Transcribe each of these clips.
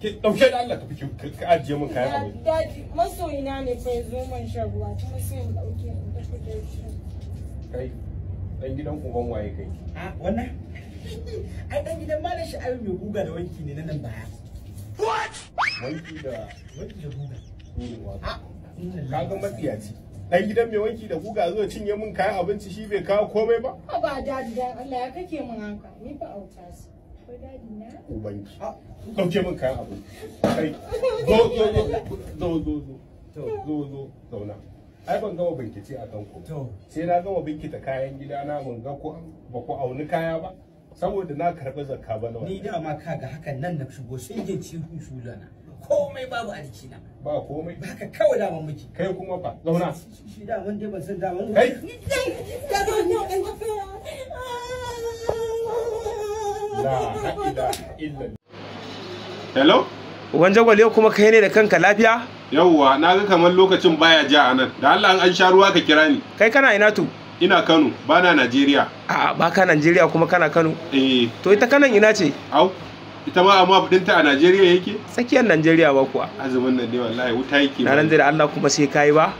ki dauke da Allah ka fiki ka ajiye min kayan abinci daji masoyina ne fa yazo man shan ruwa kuma sai mu dauke mu tafi da shi kai dan gidan uban waye kai a wannan ai dan gidan malam sha'abi mai guga da wanki ne na nan baya what wanki da wanki da guga ga matsiyaci Ɗan gidan mai wanki da guga zo cinye min kayan abinci shi bai kawo komai ba ba da Allah ya kake mun haka ni fa auta ubangi min kayan abu kai zo zo zo zo zo zo zo zauna ai ban gama bincike a kan ku sai na gama binkita kayan gida na ban ga ko ba ku auni kaya ba saboda na karɓi zakka ba na ni dama ka ga hakan nan na shigo cikin komai babu a jikina ba komai ba ka kawai daman miki kai kuma fa zauna shi daman dai ban san daman kai Hello? Uban jagwal yau kuma kai ne da kanka lafiya? Yawwa, na ga kamar lokacin baya ja a nan. Da Allah an sha ruwa ka kira ni. Kai kana ina tu? Ina Kano, bana Najeriya. A'a, ba ka Najeriya kuma kana Kano. Eh. To ita kanan ina ce? Au, ita ma amma budinta a Najeriya yake? Tsakiyar Najeriya ba kuwa. Azumin nan ne wallahi wuta yake. Na nan da Allah kuma sai kai ba?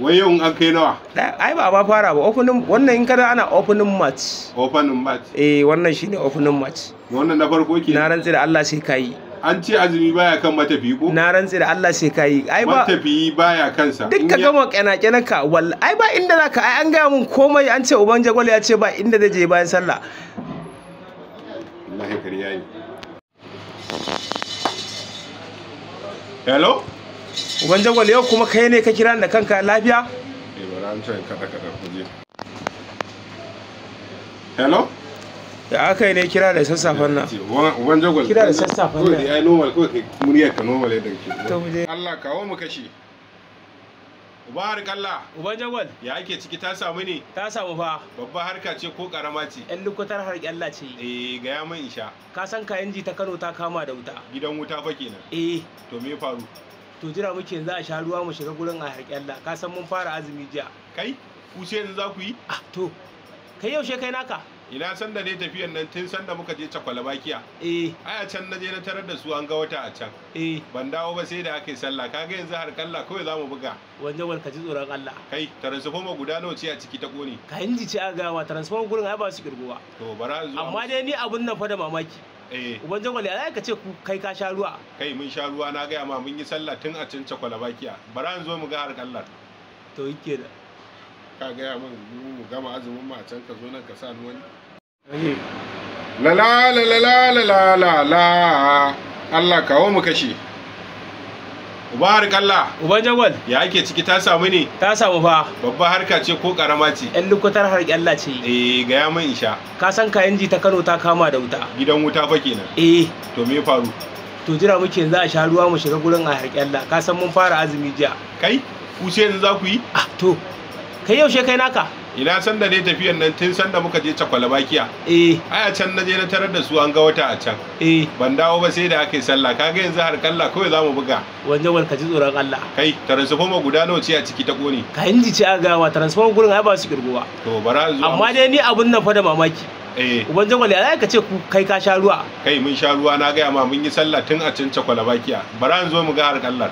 wai yau an kai nawa ai ba ba fara ba opening wannan in kada ana opening match opening match eh wannan shine opening match wannan na farko ke na rantsi da Allah sai kai an ce azumi baya kan matafiyi ko na rantsi da Allah sai kai ai ba matafiyi baya kansa duk ka gama kana ka wallahi ai ba inda zaka ai an gaya mun komai an ce uban jagwal ya ce ba inda zai je bayan sallah wallahi kariyayi hello uban jagwal yau kuma kai ne ka kira da kanka lafiya eh, hello da aka yi ne kira da sassafen nan uban jagwal kira da sassafen nan ya normal ko kai muryar ka normal yadda kake Allah kawo mu kashi ubarikalla Uban Jagwal. Ya ake ciki ta samu ne? Ta samu fa. Babba harka ce ko karama ce? Yan lukutar harki Allah ce. Eh gaya mun insha. Ka san kayan ji ta Kano ta kama da wuta. Gidan wuta fa kenan. Eh. To me faru? to jira muke yanzu a sha ruwa mu shiga gurin a harƙyalla ka san mun fara azumi jiya kai ku ce yanzu za ku yi ah to kai yaushe kai naka ina san da ne tafiyan nan tun san da muka je cakwalabakiya eh ai a can na je na tarar da su an ga wata a can eh ban dawo ba sai da aka yi sallah kaga yanzu har kalla kawai mu buga wanda ka ji tsoron Allah kai transformer guda nawa ce a ciki ta kone ka inji ce a gawa transformer gurin ai ba su kirgowa to bara zuwa amma dai ni abun nan fa da mamaki Eh. ubanjan wali alai ka ce kai ka sha ruwa kai mun sha ruwa na gaya ma mun yi sallah tun a cin bakiya bara in zo mu ga har kallar to yake da ka gaya min mu gama azumin mu a can ka zo nan ka sa ni wani la la la Allah kawo mu kashe Mubarak Allah. uba Jagwal. Ya ake ciki ta samu ne? Ta samu fa. Babba harka ce ko karama ce? Yan lukutar harƙi Allah ce. Eh gaya min insha. Ka san kayan ji ta Kano ta kama da wuta. Gidan wuta fa kenan. Eh. To me faru? To jira muke za a sha ruwa mu shiga gurin a harƙi Allah. Ka san mun fara azumi jiya. Kai? Ku ce yanzu za ku yi? Ah to. Kai yaushe kai naka? ina san da ne tafiyan nan tun san da muka je cakwalabakiya eh ai a can na je na tarar da su an ga wata a can eh ban dawo ba sai da aka yi sallah kaga yanzu har kalla kawai za mu buga wanda wanka ji tsoron Allah kai transformer guda nawa ce a ciki ta kone ka hinji ce a gawa transformer gurin ai ba su girgowa to bara zuwa amma dai ni abun nan fa da mamaki eh ubanjan wali ai ka ce ku kai ka sha ruwa kai mun sha ruwa na gaya ma mun yi sallah tun a can cakwalabakiya bara zo mu ga har kalla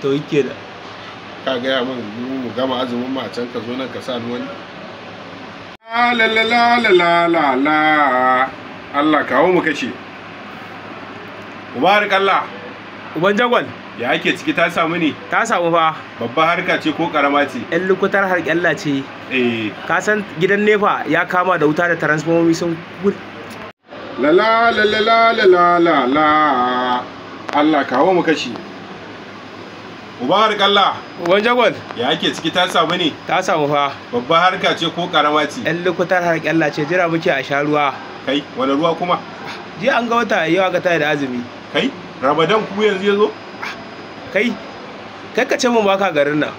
to yake da ka gaya min mu gama azumin ma can ka zo nan ka sa wani la la la la la la Allah kawo mu kace Mubarak Allah Uban jagwal ya ake ciki ta samu ni? ta samu fa babba harka ce ko karama ce yan lukutar Allah ce eh ka san gidan nefa ya kama da wuta da transformomi sun gud la la la la la la la Allah kawo mu kace Mubarak Allah. Uban jagon. Ya ake ciki ta samu ne? Ta samu fa. Babbar harka ce ko karama ce? Yan lukutar harki Allah ce jira muke a sha ruwa. Kai, wani ruwa kuma? Ji an ga wata yau ga tayi da azumi. Kai, Ramadan ku yanzu ya zo? Kai, kai ka ce mun baka garin nan.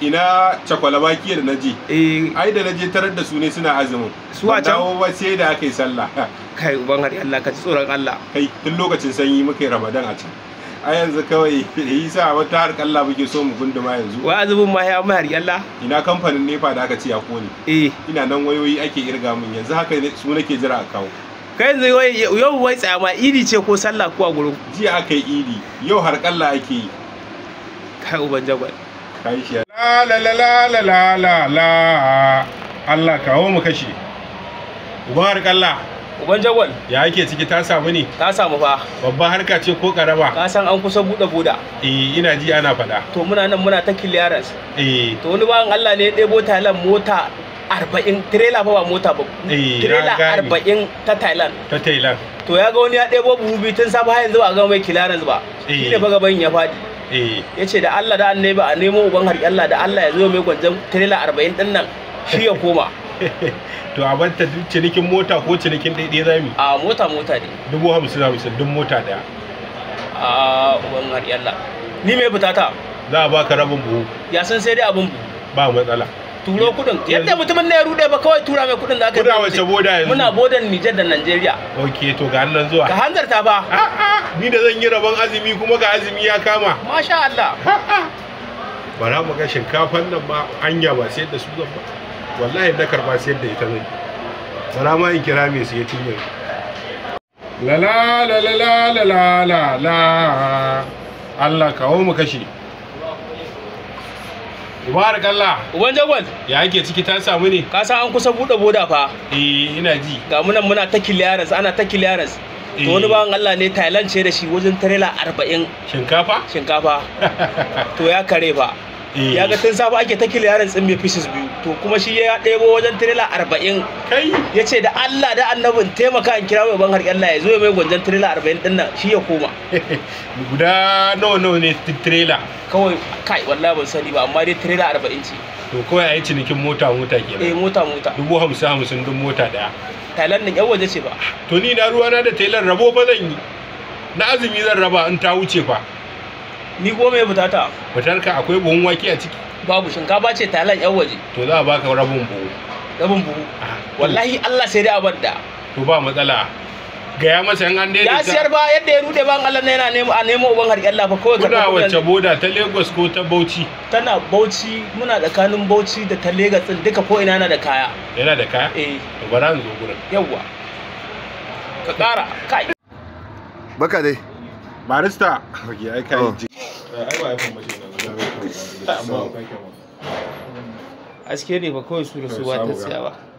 Ina baki da ji. Eh. Ai da naje tarar da su ne suna azumin. Su a can. Dawo ba sai da aka yi sallah. Kai, uban har Allah ka ci tsoron Allah. Kai, tun lokacin sanyi muka yi Ramadan a can. a yanzu kawai yi sa wata har kalla muke so mu gunduma yanzu wa azubin ma ya mu har ina kamfanin nefa da aka ce ya kone eh ina nan wayoyi ake irga mun yanzu haka su nake jira a kawo kai yanzu yau wai tsama idi ce ko sallah ko a gurin jiya aka yi idi yau har kalla ake yi kai uban jagwal kai shi la la la la la la Allah kawo mu kashe ubar har kalla uban jagwal ya ake ciki ta samu ne ta samu fa babban harka ce ko karama ka san an kusa buɗe buɗa eh ina ji ana faɗa to muna nan muna ta clearance eh to wani bawan Allah ne ya ɗebo talan mota arba'in tirela fa ba mota ba tirela eh, arba'in ta thailand ta thailand to ya ga wani ya ɗebo buhu biyu tun safe har yanzu ba a gama mai clearance ba shi ne eh. fa gaban ya faɗi eh. ya ce da Allah da annabi a nemo uban har Allah da Allah ya zo mai gwanjan tirela arba'in din nan shi ya koma to a banta duk cinikin mota ko cinikin ɗaiɗai za mu a mota mota ne dubu hamsin hamsin duk mota ɗaya a uban har yalla ni mai butata za a baka rabin buhu ya san sai dai abin buhu ba matsala turo kudin yadda mutumin na ya rude ba kawai tura mai kudin da aka Kudawa wace boda yanzu muna bodan Nijar da Najeriya ok to ga nan zuwa ka hanzarta ba ah, ah, ni da zan yi rabon azumi kuma ga azumi ya kama masha Allah bara mu ga shinkafan nan ba anya ba sai da su zan ba wallahi na karba sayar da ita zai bara ma in kira mai siya cinye la la la la la la la la Allah kawo mu kashe Mubarak Allah. Uban Jagwal. Ya yake ciki ta samu ne? Ka san an kusa buɗe boda fa. Eh ina ji. Ga munan muna ta clearance ana ta clearance. To wani eh. bawan Allah ne Thailand ce da shi wajen trailer 40. Shinkafa? Shinkafa. to ya kare fa. Eh. ya ga tun sabu ake ta kiliyarin tsin mai pieces biyu to kuma shi ya ɗebo wajen tirela arba'in ya ce da allah da annabin taimaka in kira mai ban harƙen ya zo mai gwanjan tirela arba'in ɗin nan shi ya koma guda nawa nawa ne tirela kawai kai wallahi ban sani ba amma dai tirela arba'in ce to kawai a yi cinikin mota mota kenan eh mota mota dubu hamsin hamsin duk mota ɗaya thailand nan yan waje ce ba to ni na ruwana da thailand rabo ba zan yi na azumi zan raba in ta wuce fa ni ko mai butata butarka akwai buhun wake a ciki babu shinkafa ce talan yan waje to za a baka rabin buhu rabin buhu ah, wallahi Allah sai dai abar da to ba matsala gaya masa yan an daidaita ya siyar ba yadda ya rude ban Allah ne yana nemo a nemo uban harƙi Allah fa kawai ka kuna wacce boda ta Lagos ko ta Bauchi tana Bauchi muna tsakanin Bauchi da ta Lagos din duka ko ina na da kaya yana da kaya eh to bara zo gurin yawa ka ƙara kai baka dai barista ya kai ai ba iphone ba aske ne ba kawai su da su ba ta tsaya